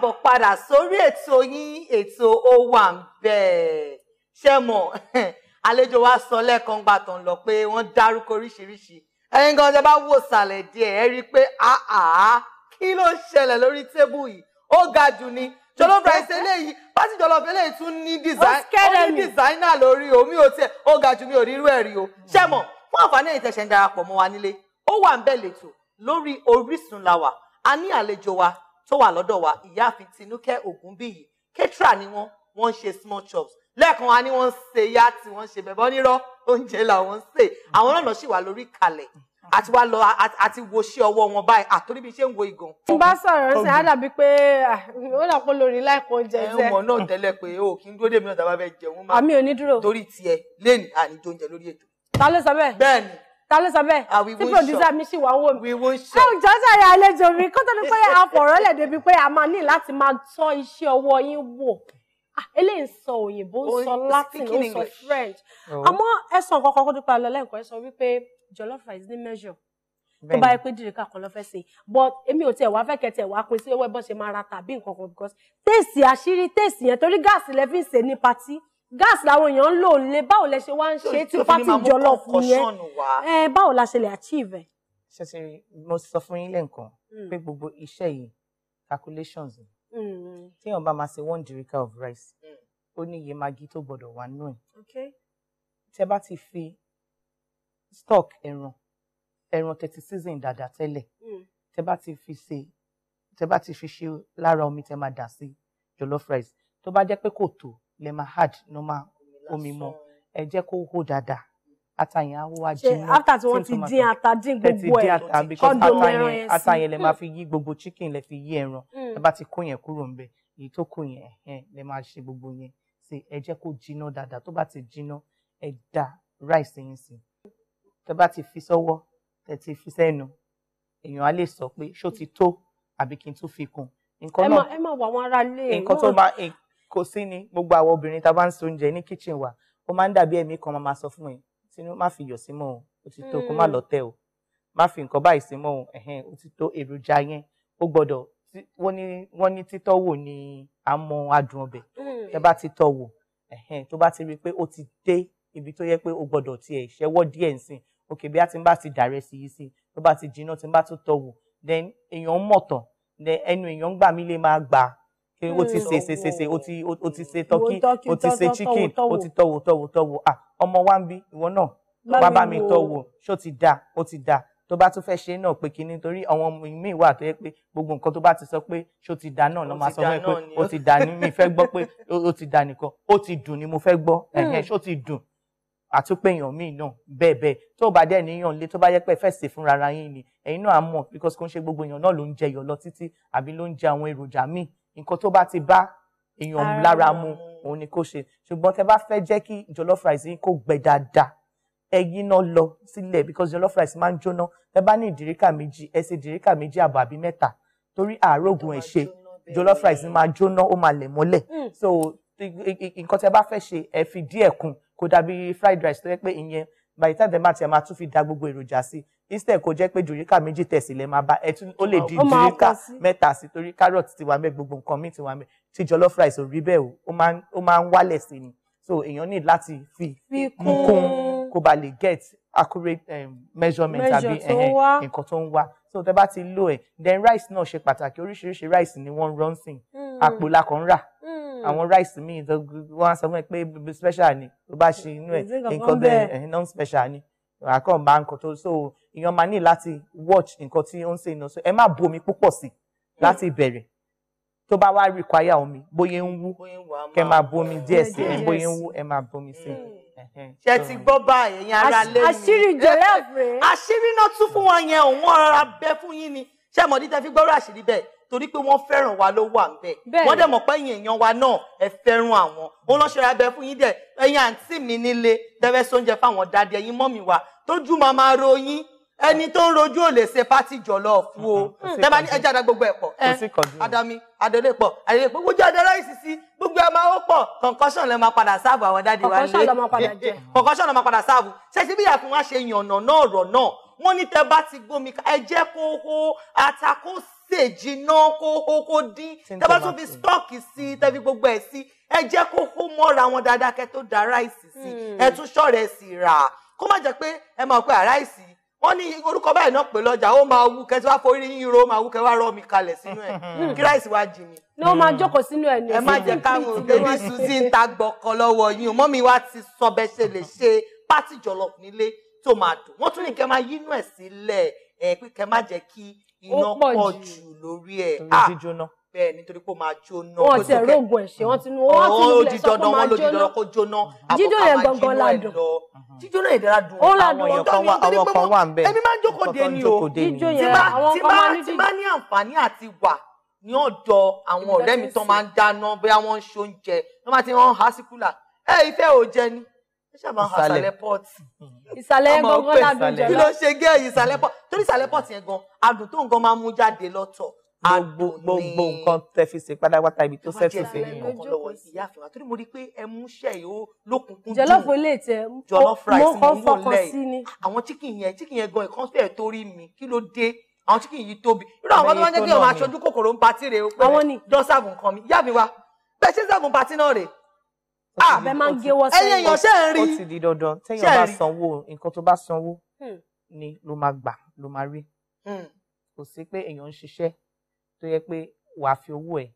káàbọ̀ padà sórí ètò yín ètò ó wà ń bẹ́ẹ̀ ṣe mọ̀ àlejò wa sọ lẹ́ẹ̀kan gbà tán lọ pé wọ́n dárúkọ oríṣiríṣi ẹ̀yin gan ṣe bá wò sàlẹ̀ díẹ̀ ẹ rí i pé àá kí ló ń ṣẹlẹ̀ lórí tébù yìí ó ga jù ni jọlọf rice eléyìí pàṣẹ jọlọf eléyìí tún ní designer lórí omi ò tiẹ̀ ó ga jù mi ò rí irú ẹ̀ rí o ṣe mọ̀ fún àǹfààní ẹ̀yin tẹ̀sẹ̀ ń darapọ̀ mọ́ wa nílé ó wà ń bẹ̀ lẹ́tọ̀ lórí Orísun la a ní àlejò wa tó wà lọ́dọ̀ wa ìyáàfin tinúkẹ́ ògúnbíyì kẹ́tìrà ni wọ́n wọ́n ń ṣe small chops lẹ́ẹ̀kan wa ni wọ́n ń ṣe yá tí wọ́n ń ṣe bẹ̀bọ́ nírọ́ oúnjẹ làwọn ń ṣe àwọn náà sì wà lórí kalẹ̀ àti wá lọ àti wo sí ọwọ́ wọn báyìí àtòrí bí ṣe ń wo ìgàn. tí n bá sọ̀rọ̀ sí á dàbí pé ó dà pé lórí láìpọ̀ oúnjẹ jẹ́. ẹ̀wọ̀n náà tẹ́lẹ̀ pé o kì í dúró dèmi náà tá a bá fẹ́ jẹun máa. àmì ò torí tiẹ̀ lẹ́nu àníjó oúnjẹ lórí ètò. ta ló sọ bẹ́ẹ̀. bẹ́ẹ̀ ni ta ló sọ bẹ́ẹ̀ ah, tí producer mi sì wá wò mí ẹ ò jọ sáré àlejò mi kó tó ní pé àfọ̀rọ̀lẹ̀ débi pé a máa ní láti máa tọ́ iṣẹ́ ọwọ́ yín wò ah, eléyìí ń sọ òyìnbó ń sọ Latin ń sọ French oh. àmọ́ ẹ sọ nǹkan kan kó tó pa lọ lẹ́ǹkan ẹ sọ wípé jollof rice ní measure tó bá yẹ pé dìrìkà kan lọ fẹ́ ṣe but èmi ò tiẹ̀ wá fẹ́ kẹtẹ̀ wá pin sí owó ẹ bọ́ ṣe máa ra tàbí nǹkan kan because tèèsì àṣírí tèèsì yẹn torí gáàsì lẹ fi ń ṣe ní patí gas làwọn èèyàn ń lò lé báwo lẹ ṣe wá ń ṣe tí pátì jọlọfù yẹn ẹ báwo la ṣe lè achieve ẹ. ṣẹṣẹ mo sọ fún yín lẹ́ǹkan hmm. pé gbogbo iṣẹ́ yìí calculations ni hmm. téèyàn bá máa ṣe one derica of rice hmm. ó ní iye magi tó gbọdọ̀ wà nù ẹ̀ tẹ bá ti fi stock ẹran ẹran thirty season dàda tẹ́lẹ̀ tẹ bá ti fi ṣe tẹ bá ti fi ṣe lára omi tẹ máa dà sí jollof rice tó bá jẹ́ pé kò tó lè máa add ma omi mọ́ ẹ jẹ́ kó hó dáadáa ata yẹn á wá jinná ṣe after tí wọ́n ti dín ata dín gbogbo ẹ̀ kọ́ndọ̀mù ẹran yẹn sí ata yẹn lè máa fi yí gbogbo chicken lè fi yí ẹran hmm. ẹ bá ti kó yẹn kúrò ńbẹ̀ èyí tó kù yẹn ẹ̀hẹ́n lè máa ṣe gbogbo yẹn sí ẹ jẹ́ kó jinná dáadáa tó bá ti jinná ẹ da rice yẹn sí tẹ bá ti fi sọ́wọ́ tẹ ti fi sẹ́nu èèyàn á lè sọ pé ṣó ti tó àbí kí n tún fi kún nǹkan náà ẹ má wà wọn ara lé nǹkan tó máa kò sí ni gbogbo àwọn obìnrin tá a bá ń so oúnjẹ ní kitchen wa ó máa ń dàbí ẹ̀mí kan máa sọ fún ẹ tinú má fi yọ̀ sí mọ́ o ó ti tó kó má hmm. lọ tẹ o má fi nǹkan báyìí sí mọ́ o ẹ̀hẹ́n ó ti tó èròjà yẹn ó gbọ́dọ̀ wọ́n ní wọ́n wò ní àmọ́ adùn ọbẹ̀ tẹ hmm. bá ti wò tó bá ti rí i pé ó ti dé ibi tó yẹ pé ó gbọ́dọ̀ tiẹ̀ ṣẹ́wọ́ díẹ̀ nsìn òkè bí a ti ń bá ti dàrẹ́ sí yìí sí tó bá ti jinná tí ń bá tún tọ́ wò then èèyàn ń then ẹnu èèyàn ń gbà mí lè máa gbà pé ó ti ṣe ṣe ṣe ṣe ó ti ó ti ṣe tọ́kì ó ti ṣe chicken ó ti tọ́wò tọ́wò tọ́wò ah, ọmọ wa ń bí ìwọ náà wá bá mi tọ́wò ṣó ti dáa ó ti dáa tó bá tún fẹ́ ṣe náà pé kí nítorí àwọn ọmọ mi wà tó yẹ pé gbogbo nǹkan tó bá ti sọ pé ṣó ti dà náà ló máa sọ pé ó ti dà ní mi fẹ́ gbọ́ pé ó ti dà nìkan ó ti dùn ni mo fẹ́ gbọ́ hmm. ẹ̀hẹ́n ṣó ti dùn àtúpèyàn míì náà bẹ́ẹ̀ bẹ́ẹ̀ tó bá dẹ̀ níyàn lé tó bá yẹ pé fẹ́ sè fúnra ara yín ni ẹ̀yin náà á mọ̀ because kò ń ṣe gbogbo èèyàn náà ló ń jẹyọ̀ lọ títí àbí ló ń jẹ àwọn èròjà míì nǹkan tó bá ti bá èèyàn lára mu òun ni kò ṣe ṣùgbọ́n tẹ bá fẹ́ jẹ́ kí jollof rice yín kó gbẹ dáadáa ẹyin náà lọ sílẹ̀ because jollof rice máa ń jóná tẹ bá ní ìdíríkà méjì ẹ ṣe ìdíríkà méjì àbọ̀ àbí mẹ́ta torí àárògùn ẹ̀ ṣe jollof rice máa jóná ó máa lẹ̀ mọ́lẹ̀ hmm. so nǹkan tẹ bá fẹ́ ṣe ẹ fi díẹ̀ kún kó dàbí fried rice tó yẹ pé ìyẹn by the time dem bá tiẹ̀ máa tún fi da gbogbo èròjà sí instead kò jẹ́ pé jòríkà méjì tẹ̀sílẹ̀ máa bá ẹ tún ó lè di jòríkà mẹ́ta sí torí carrot ti wà mẹ́ gbogbo nǹkan míì ti wà mẹ́ tí jollof rice ò rí bẹ́ẹ̀ o ó máa ń wálẹ̀ sí ni so èèyàn ní láti fi kún kó ba lè get accurate um, measurement àbí nǹkan tó ń wá so tẹ bá ti lò ẹ then rice náà ṣe pàtàkì oríṣiríṣi rice ni wọ́n run rán sí hmm. àpò la kàn ń hmm. àwọn rice míì wọ́n one sọ fún special ni tó bá ṣe inú ẹ nǹkan bẹ́ẹ̀ eh, non special ni àkàn bá nǹkan tó so èèyàn máa ní láti watch nǹkan tí ó ń ṣe iná so ẹ má bomi púpọ̀ sí láti ìbẹ̀rẹ̀ tó bá wá require omi bóyá ń wú kẹ máa bomi díẹ̀ sí i bóyá ń wú ẹ máa bomi sí i. Hmm. ṣe ti gbọ́ báyìí ẹ̀yin ara lé mi àṣírí jollof rèé àṣírí náà tún fún wa yẹn òun ọ̀rọ̀ abẹ fún yín ni ṣé àmọ́ dídá fi gbọ́rọ̀ àṣírí bẹ́ẹ̀ torí pé wọ́n fẹ́ràn wa ló wà ńbẹ̀ wọ́n dẹ̀ mọ̀ pé ẹ̀yin èèyàn wa náà ẹ fẹ́ràn àwọn ó lọ́ ṣe abẹ fún yín dẹ̀ ẹ̀yin àǹtí mi nílé tẹ́fẹ́ sóúnjẹ fáwọn dáadé ẹ̀yin mọ́mì wa tójú máa ro yín ẹni tó ń rojú ò lè ṣe pátì jọlọ fún o tẹ́bá ní ẹja àdá gbogbo ẹ̀ pọ̀ adami adele pọ̀ adele pọ̀ gbogbo adé ráìsì sí gbogbo ẹ̀ máa ó pọ̀ concussion lè máa padà sáàbù àwọn dáàdi wa lé concussion lè máa padà sáàbù ṣẹ́sí bí ìyàfún wa ṣe yànnà náà ọ̀rọ̀ náà wọ́n ní tẹ́ bá ti gbómi ẹ jẹ́ kó hó ata kó sè jiná kó hó kó dín tẹ́ bá tún fi stọ́ọ̀kì sí tẹ́ fi gbogbo ẹ̀ sí ẹ jẹ́ kó wọn dáadáa kẹ́ tó da ráìsì sí hmm. sí wọ́n ní orúkọ báyìí náà pè lọ́jà ó máa wú kẹ́ tí wàá forí yín ro máa wú kẹ́ wàá rọ mi kalẹ̀ sínú ẹ̀ hmm. kí ráìsì wá jì mí. ní ó máa jókòó sínú ẹ̀ ní. ẹ má jẹ́ káwọn bébí suzy ń ta gbọ̀kan lọ́wọ́ yín o mọ́mí wa ti sọ bẹ́ ṣe lè ṣe pátì jọlọ nílé tó máa dùn wọ́n tún ní kẹ́ máa yínú ẹ̀ sílẹ̀ ẹ̀ pé kẹ́ má jẹ́ kí iná pọ̀ jù lórí ẹ̀. torí ah! jíjóná bẹ́ẹ̀ nítorí pé ó máa jóná. wọn ti ẹ̀rọ ògùn ẹ̀ṣẹ̀ wọn ti nu wọn ti nu sọ pé ó máa jóná kó jóná jíjó yẹn gangan ládùn jíjó náà ìdára dùn àwọn èèyàn kan wà àwọn kan wà ń bẹ máa ń jókòó dé ni o tí bá ní àǹfààní àti wà ní ọ̀dọ̀ àwọn ọ̀rẹ́ mi tán máa ń dáná bóyá wọ́n ń ṣoúnjẹ wọ́n máa ti wọ́n há sí kúlà ẹ ìfẹ́ ò jẹ ni ẹ pọ́ọ̀tì. ìsàlẹ̀ yẹn gangan ládùn jẹ kí ló ṣe gé ìsàlẹ̀ pọ́ọ̀tì torí ìsàlẹ̀ pọ́ọ̀tì yẹn gan adùn tó ń gan máa mú jáde lọ́tọ̀ gbogbo nǹkan tẹ fi ṣe pátápátá ibi tó sẹ́tù sí. jọlọfù lè tẹ mọ kọ fọkàn sí ni. àwọn chicken yẹn chicken yẹn gan ìkan fẹ́ẹ̀ torí mi kí ló dé àwọn chicken yìí tóbi irú àwọn tó máa ń jẹ́ kí ọmọ aṣojú kòkòrò ń patí rè ó pé dọ́sàgùn kan mi yá mi wá bẹ́ẹ̀ ṣe sàgùn patí náà rè abẹ ah! máa ń géwọ́ sẹ́yìn ẹ̀yìn ọ̀sẹ̀ ń rí ó ti di dandan téèyàn bá sanwó nǹkan tó bá sanwó hmm. ni ló máa gbà ló máa rí hmm. kò sí pé èèyàn ń ṣiṣẹ́ tó yẹ pé wàá fi owó ẹ̀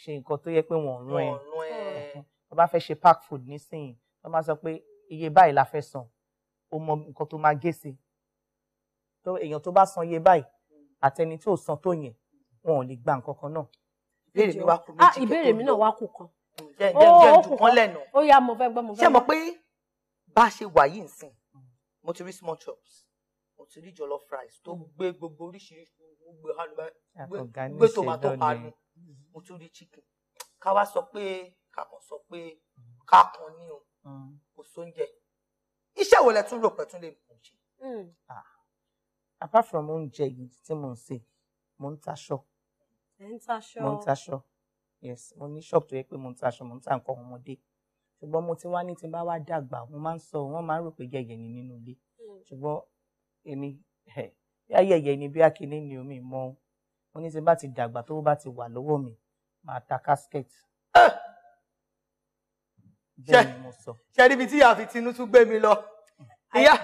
ṣe nǹkan tó yẹ pé wọ́n rán ẹ tó bá fẹ́ ṣe pack food nísìnyí tó bá sọ pé iye báyìí la fẹ́ san o mọ nǹkan tó máa gé sí tó èèyàn tó bá san iye báyìí àtẹni tó san tó yẹn wọn ò lè gba nǹkan kan náà. ìbéèrè mi wá kú méjì ah, kí tó lò ìbéèrè mi náà wá kú kan. jẹ́ jẹ́ oh, dùnkán lẹ́nu. ó yá mo fẹ́ gbọ́ mo fẹ́ gbọ́. ṣé mo pé bá a ṣe wà yìí nsìn mo ti rí small chops tí rí jollof rice tó mm. gbé gbogbo oríṣiríṣi gbé hanu gbé tomato hanu mm-hmm. mo tún rí chicken ká wá sọ pé ká kàn sọ pé mm. ká kàn ní o mm. kò sóúnjẹ iṣẹ́ wo lẹ tún rò pé tún lè mú un ah. apart from oúnjẹ yìí tí mò ń ṣe mò ń taṣọ mò ń taṣọ yes mo ní ṣọ́ọ̀bù tó yẹ pé mò ń taṣọ mò ń ta nǹkan ọmọdé ṣùgbọ́n mo ti wá ní tí n bá wá dàgbà wọ́n máa ń sọ wọ́n máa ń rò pé gẹ̀gẹ̀ ni nínú ilé ṣùgbọ́n èmi ayẹyẹ ni bí akíní ni omi mọ wọn ní tí bá ti dàgbà tó bá ti wà lọ́wọ́ mi máa ta casket. Ah! bẹ́ẹ̀ ni mo sọ. ṣe níbi tí ìyá àfi tinú tún gbé mi lọ ìyá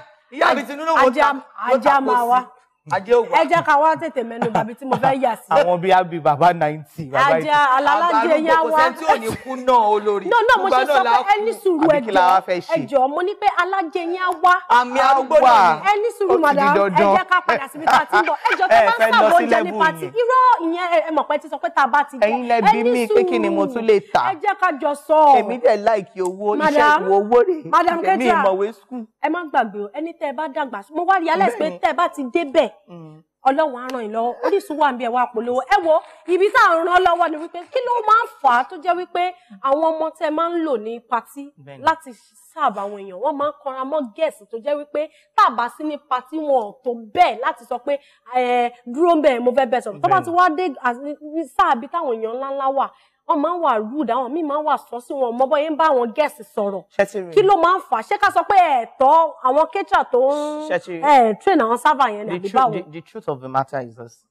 àfi tinú náà wọ́n máa wá. ajé ògbà. ẹ jẹ́ ká wá tètè mẹ́nu bàbí tí mo fẹ́ yà sí. àwọn bíi abi baba ninety. ajá alalájẹ yá wa. àbálùkò kò sẹ́ńtì òní kú náà olórí. náà náà mo ṣe sọ pé ẹni sùúrù ẹjọ ẹjọ mo ní pé alájẹ yá wá. àmì arúgbó náà ni ẹni sùúrù màdà ẹ jẹ́ ká padà síbi tá a ti ń bọ̀ ẹjọ tó bá ń sàbọ̀ oúnjẹ ní pati irọ́ ìyẹn ẹ mọ̀ pé ti sọ pé tá a bá ti jẹ ẹni sùúrù mi pé kí ni mo tún lè tà ẹ jẹ́ ká jọ sọ Mm. ọlọ́run á ràn yín lọ́wọ́ Orísun wà ń bí ẹ wá polówó ẹ wo ibi tá à ń ràn lọ́wọ́ ni wípé kí ló máa ń fà á tó jẹ́ wípé àwọn ọmọ tẹ máa ń lò ní patí láti sáàbà àwọn èèyàn wọ́n máa ń kanra mọ́ gẹ̀ẹ́sì tó jẹ́ wípé tàbá sí ní patí wọn ò tó bẹ́ẹ̀ láti sọ pé ẹ dúró bẹ́ẹ̀ mo fẹ́ bẹ́ẹ̀ sọ tó bá ti wá dé sáàbí táwọn èèyàn ńláńlá wà wọn máa ń wà rude àwọn míì máa ń wà sọ sí wọn ọmọ bọyẹ ń bá àwọn gẹẹsì sọ̀rọ̀ kí ló máa ń fà ṣé ká sọ pé ẹ̀tọ́ àwọn kéjà tó ń train àwọn server yẹn ní àbí báwo. the truth of the matter is this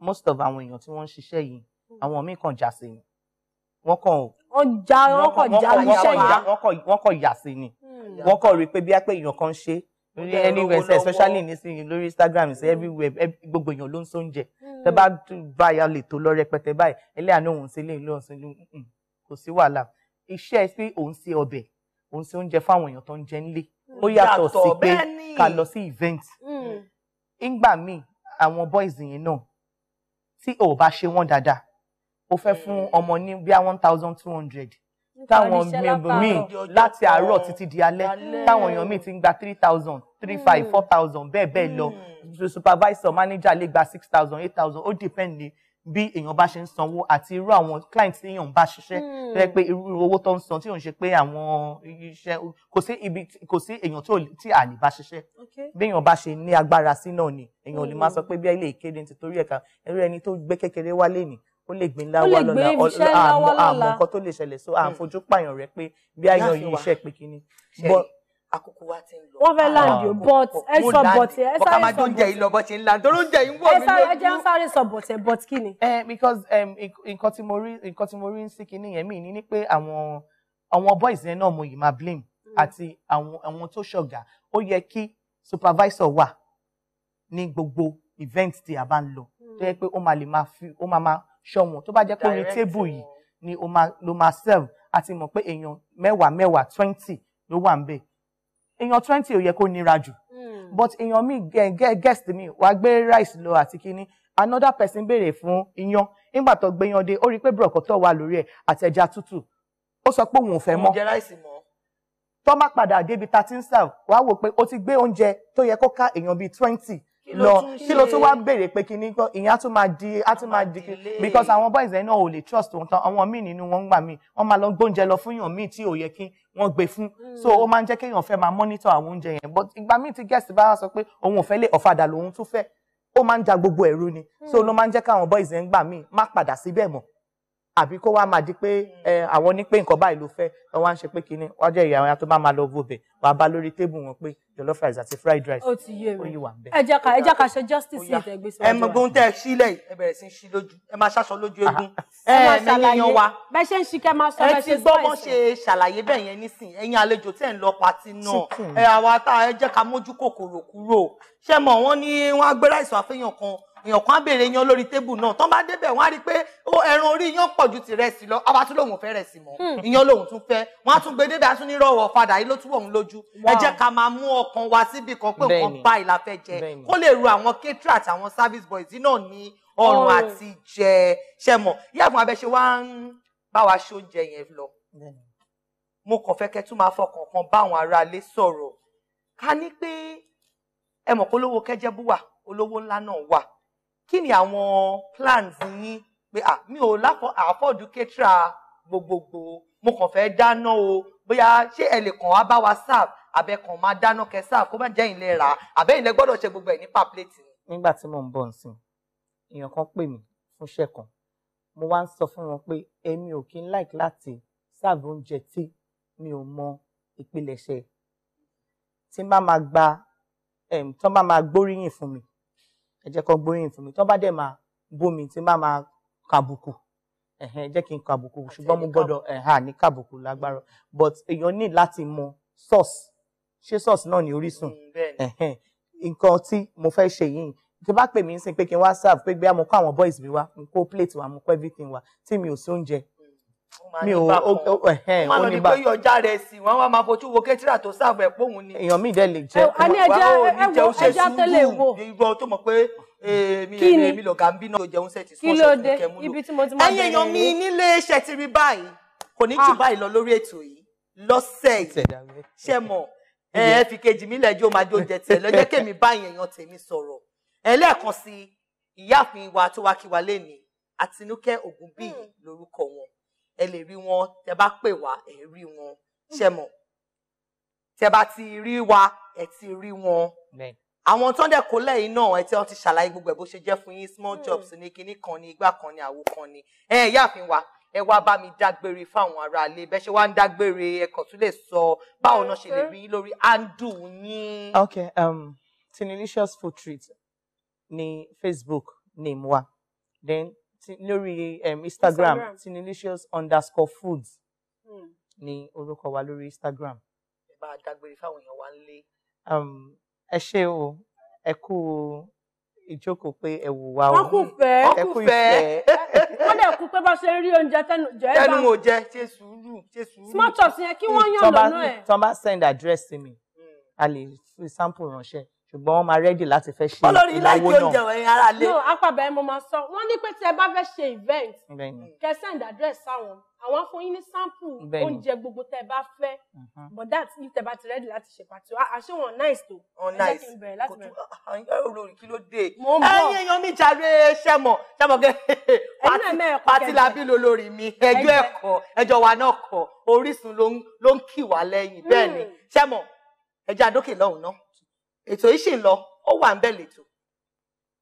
most of àwọn èèyàn tí wọ́n ń ṣiṣẹ́ yìí àwọn míì kàn já sí ni wọ́n kàn wọ́n já wọ́n kàn já iṣẹ́ yìí wọ́n kàn yà sí ni hmm. wọ́n kàn rí i pé bí a pé èèyàn kan ṣe anywhere especially nísìnyí lórí Instagram ṣe everywhere gbogbo èèyàn ló ń sóúnjẹ tẹ bá bá ya lè tó lọ rẹpẹtẹ báyìí ẹlẹ́yà ní òun ṣe léyìn lóhùn sí kò sí wàhálà iṣẹ́ pé òun ṣe ọbẹ̀ òun ṣe oúnjẹ fáwọn èèyàn tó ń jẹ nílé ó mm, yàtọ̀ sí pé ká lọ sí event ńgbà mm. míì àwọn boys yẹn náà tí ò bá ṣe wọ́n dáadáa ó fẹ́ fún mm. ọmọ ní bíi one thousand two hundred táwọn míì láti àárọ̀ títí di alẹ́ táwọn èèyàn míì ti ń gba three thousand three mm. five four thousand bẹ́ẹ̀ bẹ́ẹ̀ lọ mm. supervisor manager lè gba six thousand eight thousand ó depend ní bí èèyàn bá ṣe ń sanwó àti irú àwọn client tí èèyàn bá ṣiṣẹ́ fẹ́ mm. pé irú owó tó ń san tí òun ṣe pé àwọn iṣẹ́ kò sí ibi kò sí èèyàn tí à lè bá ṣiṣẹ́ bí èèyàn bá ṣe ní agbára sí náà ni èèyàn ò lè máa sọ pé bí ilé ìkéde nítorí ẹ̀ka ẹ̀rọ ẹni tó gbé kékeré wálé ni ó lè gbé ńlá wá lọ́la àmọ́ nǹkan tó lè ṣẹlẹ̀ so à ń fojú pààyàn rẹ pé bí àyàn yìí iṣẹ́ pé kíní àkókò wa ti ń lọ. wọ́n fẹ́ ah, láǹdì o but ẹ sọ bọ̀tẹ̀ ẹ sáré sọ bọ̀tẹ̀. bọ́kà máa tó ń ṣe ń láǹdì tó ló ń jẹ ìwọ mi lójú. ẹ jẹ́ ń sáré sọ bọ̀tẹ̀ but kí ni. Eh, because nǹkan tí mo rí nǹkan tí mo rí ń sí kinní yẹn mí ní ni pé àwọn àwọn boys yẹn náà mo yìí máa blame mm. àti àwọn àwọn tó ṣọ̀gá ó yẹ kí supervisor wà ní gbogbo event tí a bá ń lọ mm. tó yẹ pé ó máa lè máa fi ó máa máa ṣọ́ wọn tó bá jẹ́ pé orí tébù yìí ni ó máa ló máa serve àti mọ̀ pé èèyàn mẹ́wàá mẹ́wàá twenty ló wà ń bẹ̀ èèyàn twenty ò yẹ kó nira jù hmm. but èèyàn mi guest mi wàá gbé rice lọ àti kínní another person béèrè fún iyán nígbà tó gbé yan dé ó rí i pé bùrọ̀kọ́tọ̀ wà lórí ẹ̀ àtẹ̀já tútù ó sọ pé òun ò fẹ́ mọ́ tó má padà débi tá a ti ń serve wàá wò pé ó ti gbé oúnjẹ tó yẹ kó ká èèyàn bíi twenty lọ kí ló tún wá béèrè pé kí ni ìyẹn á tún máa di á tún máa di because àwọn boys yẹn náà ò lè trust wọn tán àwọn míì nínú wọn ń gbà míì wọn máa lọ gbóúnjẹ lọ fún yàn míì tí ò yẹ kí wọ́n gbé fún so hmm. ó máa ń jẹ́ kéèyàn fẹ́ máa mọ́nítọ̀ àwọn oúnjẹ yẹn but ìgbà míì tí guest bá sọ pé òun ò fẹ́ lé ọ̀fadà lòun tún fẹ́ ó máa ń ja gbogbo ẹ̀rú ni so hmm. ló máa ń jẹ́ káwọn boys yẹn gbà míì má padà síbẹ̀ mọ́ àbí kó wá máa di pé hmm. àwọn ní pé nǹkan báyìí ló fẹ́ wọn wá ń ṣe pé kínní wọn jẹ́ ìyá àwọn tó bá máa lọ bó wàá bá lórí tébù wọn pé jollof rice àti fried rice ó ti yé mi ẹ jẹ́ ká ẹ jẹ́ ká ṣe justice ní ìtẹ̀gbẹ́sẹ̀ ọjọ́ ẹ mọ gbóhùn tẹ́ ẹ sílẹ̀ ẹ bẹ̀rẹ̀ sí í ṣí lójú ẹ máa ṣaṣọ lójú eégún ẹ ní yíyan wa bẹ́ẹ̀ ṣe ń ṣí kẹ́ máa sọ bẹ́ẹ̀ ṣe spice ẹ ti gbọ́ bọ́n ṣe ṣàlàyé bẹ́ẹ̀ yẹn nísìn ẹ̀yin àlejò tẹ́ ń lọ pati náà ẹ àwa tá ẹ jẹ́ ká mójú kòkòrò kúrò ṣé mọ̀ wọ́n ní wọ́n á gbé ráìsì kan èèyàn kan á béèrè yan lórí tébù náà tán bá débẹ̀ wọ́n á rí i pé ẹran orí yan pọ̀ ju ti rẹsì lọ ọba tún lòun fẹ́ rẹsì mọ́ ìyan hmm. lòun tún fẹ́ wọ́n á tún gbé débẹ̀ àtún nírọ̀wọ̀ fadà yìí ló túbọ̀ ń lójú ẹ jẹ́ ká máa mú ọkàn wa síbi kan pé nǹkan báyìí la fẹ́ jẹ kó lè ru àwọn caterer àti àwọn service boys náà ní ọrùn oh. àti jẹ ṣẹ mọ̀ yàgùn abẹ́ṣe wá ń bá wa ṣe oúnjẹ yẹn lọ mo kàn fẹ́ kẹ́ tún máa fọkàn kan bá àwọn aráalé sọ̀rọ̀ ká ní pé ẹ mọ̀ pé olówó kẹ́jẹ́bú wà olówó ńlá náà wà kí ni àwọn plans yín pé à mi ò láfọ àfọ̀dù kẹ́tìrà gbogbogbò mo kàn fẹ́ dáná o bóyá ṣé ẹ lè kàn wá bá wa serve àbẹ kàn máa dáná kẹ serve kó má jẹ́ ìlẹ̀ rà àbẹ́ ìlẹ̀ gbọ́dọ̀ ṣe gbogbo ẹ̀ ní pàpléètì. nígbà tí mò ń bọ̀ nsìn èèyàn kan pè mí fún iṣẹ́ kan mo wá ń sọ fún wọn pé èmi ò kí ń like láti serve oúnjẹ tí mi ò mọ ìpilẹ̀ṣẹ̀ tí wọ́n bá máa gbóríyìn fún mi ẹ jẹ́ kó gbóríyìn fún mi tó bá dẹ̀ máa bómi tí má máa kàbùkù ẹ̀hẹ́n jẹ́ kí n kàbùkù ṣùgbọ́n mo gbọ́dọ̀ ẹ̀hà ní kàbùkù lágbára but èèyàn ní láti mọ source ṣé source náà ní orísun mm, ẹ̀hẹ́n nǹkan tí mo fẹ́ ṣe yìí tí bá pè mí sí pé kí n wá serve pé gbé àmọ́ kó àwọn boys mi wá n kó plate wa mo kó everything wa tí mi ò sí oúnjẹ mi ò ẹhẹn ó ní bá wọn máa ní pé yọjá rẹ sí wọn wá máa fojú wo kẹtìrà tó sáàbù ẹ póhùn ni. èèyàn mi dẹ lè jẹ ẹwọ ẹwọ ẹja tó lè wò irú tó mọ̀ pé èmi eh, èmi lọ̀gá ń bínú jẹun sẹ́ẹ̀tì sọ́ọ̀sì tó kẹ́mu lò ẹ̀yin èèyàn mi nílé iṣẹ́ ti rí báyìí kò ní jù ah. báyìí lọ lórí ètò yìí lọ́sẹ̀ yìí ṣẹ́ mọ̀ ẹ ẹ fi kejì mi lẹ́jọ́ máa jó jẹ tẹ̀ lọ́jọ́ kèmi báyìí èèyàn tèmi sọ̀rọ̀ ẹ lẹ́ẹ̀kan sí ìyáàfin wa tó wá kí wa lé ní Àtinúkẹ́ Ògúnbíyì hmm. lórúkọ wọn ẹ lè rí wọn tẹ bá pè wá ẹ rí wọn ṣe mọ̀ tẹ bá ti rí wa ẹ ti rí wọn àwọn tó ń dẹ̀ kólẹ̀ yìí náà ẹ tí wọ́n ti ṣàlàyé gbogbo ẹ̀ bó ṣe jẹ́ fún yín small hmm. jobs ní kinní kan ní igbá kan ní àwo kan ní ẹ yáàfin wa ẹ wá bá mi dágbére fáwọn aráalé bẹ́ẹ̀ ṣe wá ń dágbére ẹ kàn tún lè sọ báwo náà ṣe lè uh-huh. rí lórí handle yín. ok um, tinilicious food treat ní Facebook name wa then lórí instagram, instagram. tinilicious underscore foods hmm. ni orúkọ wa lórí instagram. ẹ bá a dágbére fáwọn èèyàn wa nílé. ẹ ṣé o ẹ kú ìjókòó pé ẹ wò wá o. wọn kù fẹ́ ẹ kù fẹ́ wọn dẹ kú pé bá ṣe ń rí oúnjẹ tẹnu jẹ ẹ bá tẹnu mo jẹ ṣe sùúrù ṣe sùúrù. small chops yẹn kí wọ́n hmm, yàn lọ́nà ẹ̀. tọ́ bá send address sí mi hmm. a lè fi sample ránṣẹ́ ṣùgbọ́n wọ́n máa rẹ́dì láti fẹ́ ṣe ìnáwó náà. olórí ilé ìgbé oúnjẹ wọ̀nyí ara lé. no apàbẹ̀ ẹ̀ mo máa sọ wọ́n ní pé tí ẹ bá fẹ́ ṣe event kẹ́ send address sáwọn àwọn fún yín ní sample oúnjẹ gbogbo tẹ́ bá fẹ́ mhm. but that if tẹ́ bá ti rẹ́dì láti ṣe pàtó àṣé wọn nice tó. wọn nice kò tún olórí kí ló dé. mo ń bọ̀ ẹ̀yin èèyàn mi jàre ṣẹmọ ṣẹmọ kẹ pati labi lolórí mi ẹjọ́ ẹ̀kọ́ ẹjọ́ wa náà kọ Orísun ló ń kì wá lẹ́yìn bẹ́ẹ̀ ni hmm. ṣẹmọ ẹjọ́ adókè lọ́hùn náà ètò yìí ṣì ń lọ ó wà ń bẹ̀ lẹ́tọ̀ọ́